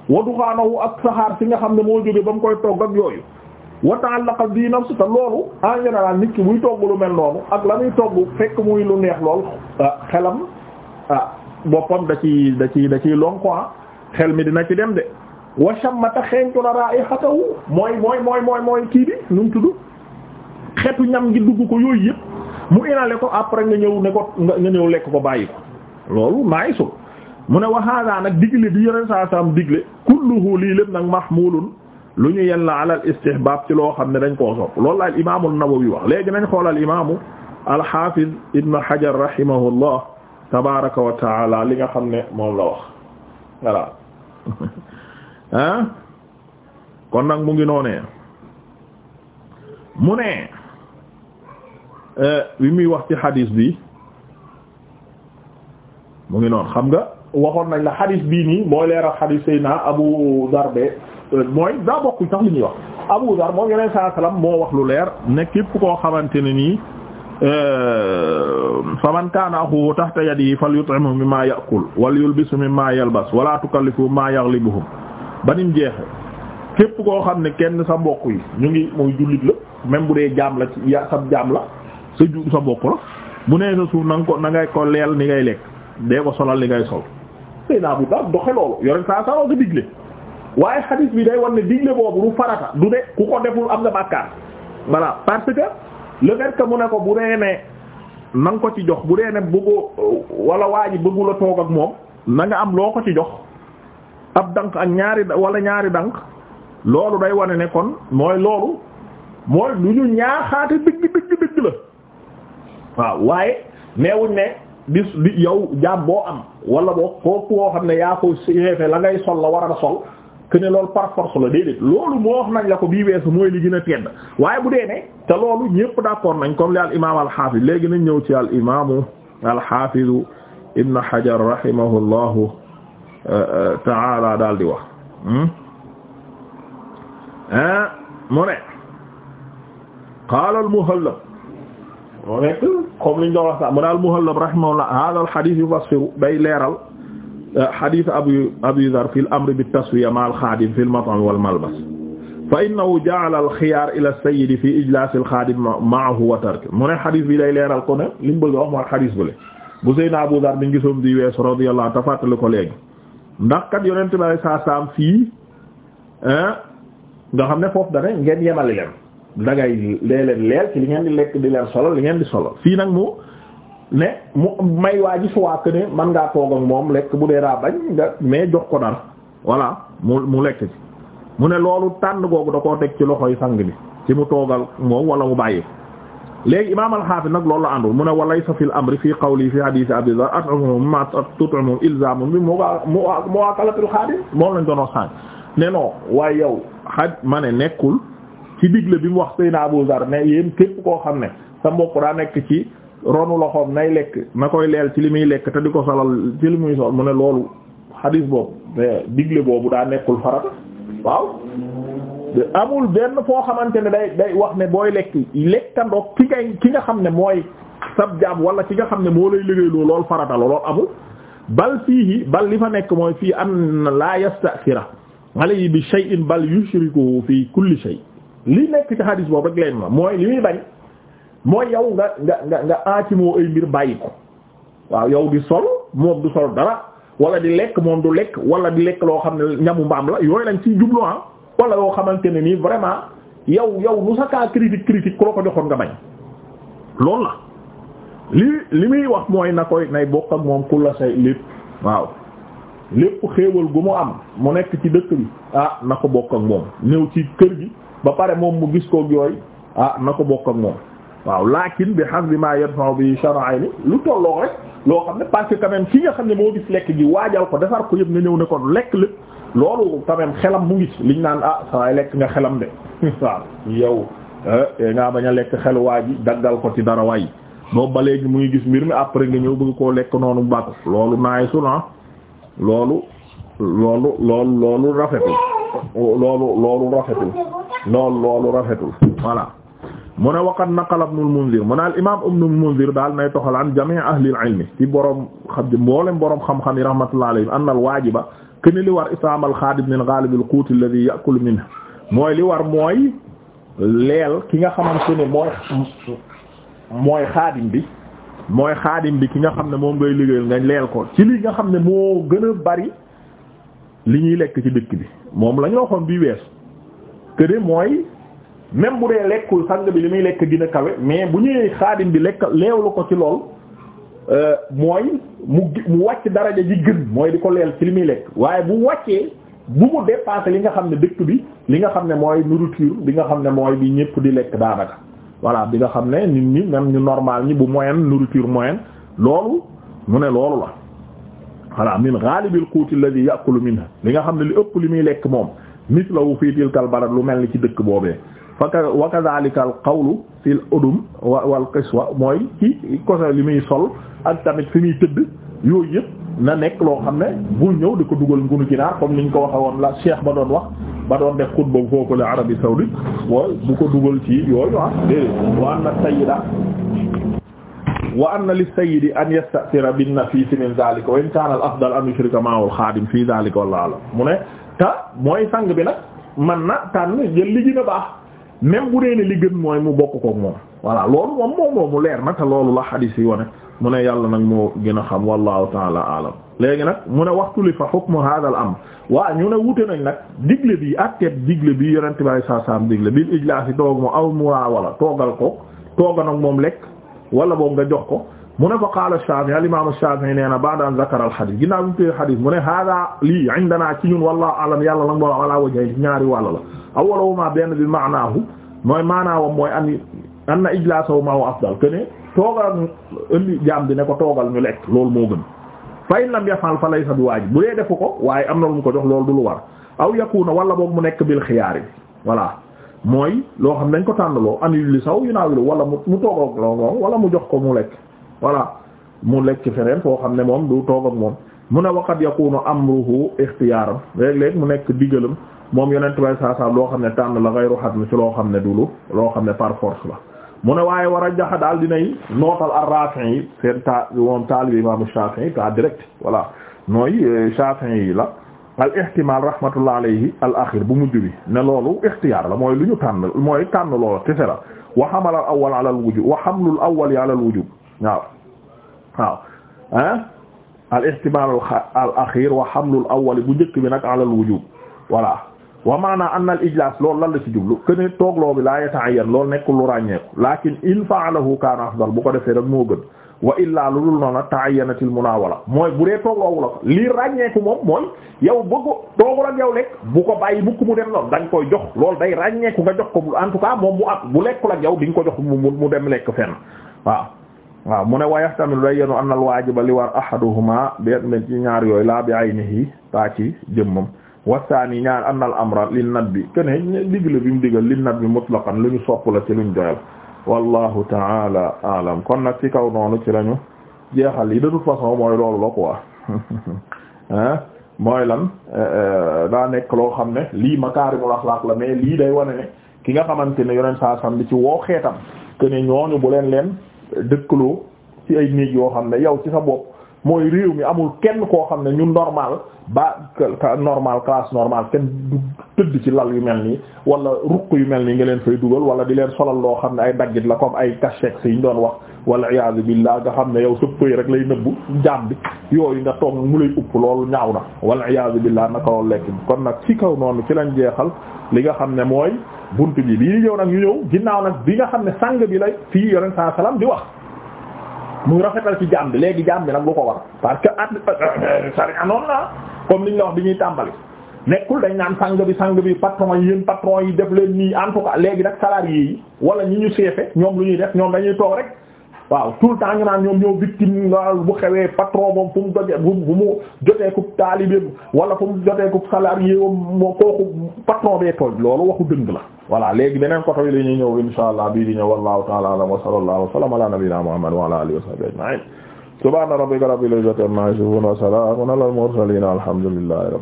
waduxaanawu ak saxaar si nga xam ne moo jóge ba mu koy togg ak yooyu wataan ta'allaqa bi nafsi te loolu en général nit ki buy togg lu mel noonu ak la muy togg fekk muy lu neex lool ah, xelam ah, boppam da ci da ci da ciy lon ko ah, xel mi dina ci dem de wa shammata xeeñtu na raihatahu mooy mooy mooy mooy mooy kii bi nu tudd xetu ñam gi dugg ko yooyu yëpp mu inale ko après nga ñëw ne ko nga ñëw lekk ko bàyyi ko loolu naay su mu ne wa hada nag digle di yore saa saam digle kulluhu lii lépp nag mahmulun lu ñu yen la alal istihbaab ci loo xam ne dañ koo sopp loolu la al imaamu Nawawi wax léegi nañ imaamu alxaafiz ibn Hajar rahimahullah tabaaraka wa taala li nga xam ne moom la wax voilà ah <laughs> kon nag mu ngi noonee mu ne euh, bi muy wax ci xadis bi mu ngi noon xam nga waxoon nañ la xadis bii nii mooy leeral xadis Seydina Abu Darbe Euh, mooy daa bokku sax li ñuy wax Abu Dar moom yeneen saa salaam moo wax lu leer ne képp koo xamante ne nii euh, faman kaana axuhu tahta yadihi falyut'imhu mimma ya'kul wal yulbisu mimma yalbas wala tukallifu ma yaghlibuhum banim jeexe képp koo xam ne kenn sa mbokk yi ñu ngi mooy jullit la même bu dee jaam la ci ya sa jaam la sa ju sa mbokk la bu nee sa suuf na ko na ngay ko leel ni ngay lekk dee ko solal li ngay sol. doxe loolu yore saa saa ko digle waaye xadiis bi day wan ne digle boobu du farata du de ku ko deful am nga bàkkaar voilà parce que le fait que mu ne ko bu dee ne na nga ko ci jox bu dee ne bëggu wala waa ji bëggul a toog ak moom na nga am loo ko ci jox ab dank ak ñaari wala ñaari dank loolu day wane nekkoon mooy loolu mooy lu ñu ñaaxaate dëgg dëgg dëgg la waaw waaye neewuñ ne bis di yow jaam boo am wala boo kooku woo xam ne yaa ko seefe la ngay sol la war a sol que loolu par force la ko bii mooy li gën waaye bu dee ne te loolu ñëpp d'accord nañ comme li al imaam al xaafis léegi nañ ñëw ci al imaamu al xaafis a Hajar rahimahullahu euh, euh, ta'ala daal di wax. Hmm? mu ne qaala al Muhallab moo nekk comme liñ doon wax sax mu ne al Muhallab rahimahullah hada al leeral. hadith abi abi dhar fi al-amr bi taswiya ma al-khadim fi al-mat'am wal malbas fa innahu ja'ala al-khiyar ila as-sayyid fi ijlas al-khadim ma'ahu wa tark mu ne hadith bi day leeral ko ne li mu bëgg wax mooy hadith bu le bu Seydina Abu Dhar bi ñu gisoon di wees radiyallahu tafattali ko léegi ndax kat yonent bi saa saam fii nga xam ne foofu dane ngeen yemali leen dangay lee leen leel ci li ngeen di lekk di leen solo li ngeen di solo fii nag mu ne mu may waa ji soit que ne man ngaa toog ak moom lekk bu dee daa bañ nga mais jox ko dara voilà mu mu lekk ci mu ne loolu tànn googu da koo teg ci loxoy sang bi ci mu toogal moom wala mu bàyyi léegi imaam al-Hafiz nag loolu la àndul mu ne walaysa fil amri fi qawli fi hadith Abi Dharr at'amuhum ma tut'amuhum ilzamun bi muwakalatil xaadim lañ doon wax sànq ne non waaye yow xaj ma ne nekkul ci digle bi mu wax Seydina Abu Dharr ne yéen képp koo xam ne sa mbokk daa nekk ci ronu loxoom nay lekk na koy leel ci li muy lekk te di ko solal ci li muy sol mu ne loolu xadiis boobu digle boobu daa nekkul farata waaw amul benn foo xamante ne day day wax ne booy lekk lekkandoog ki ngay ki nga xam ne mooy sab jaab wala ki nga xam ne moo lay liggéeyloo lool farata la lool amul bal fii bal li fa nekk mooy fii an la yasta'sira alayhi bi shay'in bal yushriku fi kulli shay li nekk ci xadiis boobu rek leen ma mooy li muy bañ mooy yow nga nga nga nga aacimoo ay mbir bàyyi ko waaw yow di sol moom du sol dara wala di lekk moom du lekk wala di lekk loo xam ne ñamu mbaam la yooyu lañ ciy jublu ah wala yoo xamante ne nii vraiment yow yow nu sa kaa critique critique ku la ko joxoon nga bañ loolu la li li muy wax mooy na koy nay bokk ak moom ku la say lépp waaw lépp xéewal gu mu am mu nekk ci dëkk bi ah na ko bokk ak moom ñëw ci kër gi ba pare moom mu gis kook yooyu ah na ko bokk ak waaw laakin bi hasbi ma yadfa'u bi shar'ayni lu tolloo rek loo xam ne parce que quand même ki nga xam ne moo gis lekk gi waajal ko defar ko yëpp nga ñëw ne kon lekk la loolu quand xelam mu ngi ci liñ naan ah saa lekk nga xelam de <laughs> waaw yow eh, eh, ngaa bañ a lekk xelu waa ji daggal ko ci dara waay boobu ba léegi mu ngi gis mbir mi après nga ñëw bëgg koo lekk noonu bàkku loolu naay su na loolu loolu loolu loolu rafetul loolu loolu rafetul loolu mu ne waqad naqala ibnul Munzir mu ne al imaam ibnul Munzir daal nay toxal an jamii ahlil ilmi ci borom xam mboolem borom xam-xam yi rahmatullahi alayhim anna al waajiba li war islaamal xaadim min ghalib al quut alladhi ya'kulu minhu mooy li war mooy leel ki nga xamante ne mooy xaadim bi mooy xaadim bi ki nga xam ne moom ngay liggéey nga leel ko ci li nga xam ne moo gën a bari li ñuy lekk ci dëkk bi moom la ñu waxoon bi wees que mooy. même bu dee lekkul sang bi li muy lekk gina kawe mais bu ñëwee xaadim bi lekk la ko ci lool euh, mooy mu mu wàcc daraja ji gën mooy di ko leel ci li muy lekk waaye bu wàccee bu mu dépassé li nga xam ne dëkk bi li nga xam ne mooy nourriture bi nga xam ne mooy bi ñëpp di lekk daanaka voilà bi nga xam ne nit ñi même ñu normal ñi bu moyenne nourriture moyenne loolu mu ne loolu la voilà min ghalibil quti alladhi ya'kulu minha li nga xam ne li ëpp li muy lekk moom mislahu fi tilkal balad lu mel ni ci dëkk boobee faka wa kadhalika al qawlu fil udum wal qiswa mooy ci kosa li muy sol ak tamit fi muy tëdd yooyu yëpp na nekk loo xam ne bul ñëw di ko dugal ngunu ginaar comme niñ ko waxe woon la cheikh ba doon wax ba doon def xutba foofu la Arabie saoudite wooy bu ko dugal ci yooyu ah déedéet wa anna sayyida wa anna li sayyidi an yastatira bin nafisi min dhalika wa in kana al afdal an yushrika ma'ahu al khadim fi dhalika wallahu a'lam mu ne ta mooy sang bi nag man na tànn jël li gën baax même bu dee ne li gën mooy mu bokk kook moom voilà loolu moom moom mu leer na loolu la xadiis yi wane mu ne yàlla nag mu gën a xam wallahu taala alam léegi nag mu ne waxtu li fa hukmu hadha al am waa ñu ne wute nañ nag digle bi atteeb digle bi yonent bi saa saam digle bil ijlaasi toog mu aw mu wala toogal ko tooga nag moom lekk wala boog nga jox ko mu ne fa qaala Shaafi'i al imaam Shaafi'i nee na ba'da an zakara al xadis ginnaaw bi ñu xadis mu ne hada lii indanaa ci ñun wallahu a'lam yàlla nag moo ala wajhi ñaari wàll la awwaluhumaa benn bi maanaahu mooy maanaawam mooy an anna ijlaasahu ma'ahu afdal que ne toogal indi jaam bi ne ko toogal ñu lekk loolu moo gën fa in lam yafal fa laysa bi waajib bu dee defu ko waaye am na lu mu ko jox loolu du lu war aw yakuna wala boog mu nekk bil xiyaar bi mooy loo xam dañ ko tànnaloo an yu wala mu mu toogal wala mu jox ko mu lekk voilà mu lekk feneen foo xam ne moom du toog ak moom mu ne waqat yakunu amruhu ikhtiyaaram léeg-léeg mu nekk digalam moom yonent bay saasaam loo xam ne tànn la gayru hatm ci loo xam ne dulu loo xam ne par force la mu ne waaye war a jaxa daal dinay nootal ar-Rafi'i yi seen ta moom taalibi imam Shafi'i ta direct voilà mooy euh, Shafi'i yi la al ihtimal rahmatullah alayhi al akhir bu mujj bi ne loolu ixtiyaar la mooy lu ñu tànn mooy tànn wa xamala al awal ala al wujub wa al wujub waaw waaw ah al ihtimal wa hamlul awwal bu njëkk bi nag ala al wujub voilà wa maana anna al ijlas loolu lan la ci jublu kuene toogloo bi laa yata'ayyan loolu nekkul lu ràññeeku lakin in fa'alahu kaana afdal bu ko defee rek moo gën wa illaa lu dul noona ta'ayyanatil munawala mooy bu dee toogloowu la ko lii ràññeeku moom mooy yow bëggu toogul ak yow lekk bu ko bàyyi mukk mu dem noonu da nga koy jox loolu day ràññeeku nga jox ko en tout moom bu at bu lekkul ak yow di nga ko jox mu dem lekk fenn waaw waaw mu ne wayaxtamil day yenu anna al waajiba li war ahaduhuma benn ci ñaar yooyu laa bi aynihi taa ci jëmmam wasaani ñaar anna al amra li nat bi kene digla bi mu digal li nat bi mutlaqan li ñu sopp la ci luñ doyal wallahu taala alam kon nag ci kaw noonu ci lañu jeexal yi de façon mooy loolu la quoi <laughs> hein mooy lan euh, euh, daa nekk loo xam ne lii makaarimul axlaaq la mais lii day wane ki nga xamante ne yoneen saa sam ci woo xeetam kene ñooñu leen dëkkaloo ci ay néeg yoo xam ne yow ci sa bopp mooy réew mi amul kenn koo xam ne ñu normal ba normal classe normale kenn du tëdd ci lal yu mel nii wala ruq yu mel nii nga leen fay dugal wala di leen solal loo xam ne ay daggit la comme ay cachex yi ñu doon wax wala iyaazu billah nga xam ne yow sa rek lay nëbbu jaam bi yooyu nga toog mu lay upp loolu ñaaw na wala iyaazu billah naka loolu lekk kon nag ci kaw noonu ci lañ jeexal li nga xam ne mooy buntu bi bii ñëw nag ñu ñëw ginnaaw nag bi nga xam ne sang bi la fii yoneen sa salaam di wax muy rafetal ci jaam bi léegi jaam bi nag lu ko war parce que at <laughs> sari anoon la comme niñ la wax di ñuy tàmbali nekkul dañ naan sang bi sang bi patron yi yéen patron yi def leen nii en tout cas léegi nag salarié yi wala ñi ñu seefe ñoom lu ñuy def ñoom dañuy toog rek waaw tout le temps ñu naan ñoom ñoo victime la bu xewee patron moom fu mu dojee bu wala fu mu jotee ku salarié moom patron bee tooj loolu waxu dëng la voilà léegi beneen côté yi la ñuy ñëw insha allah bii di ñëw wallahu ta'ala a'lam wa sallallahu wa sallama ala nabiyyina muhammad wa ala alihi wa sahbihi ajma'in subhana rabbika rabbil izzati amma yasifun wa salamun ala al mursalin alhamdulillahi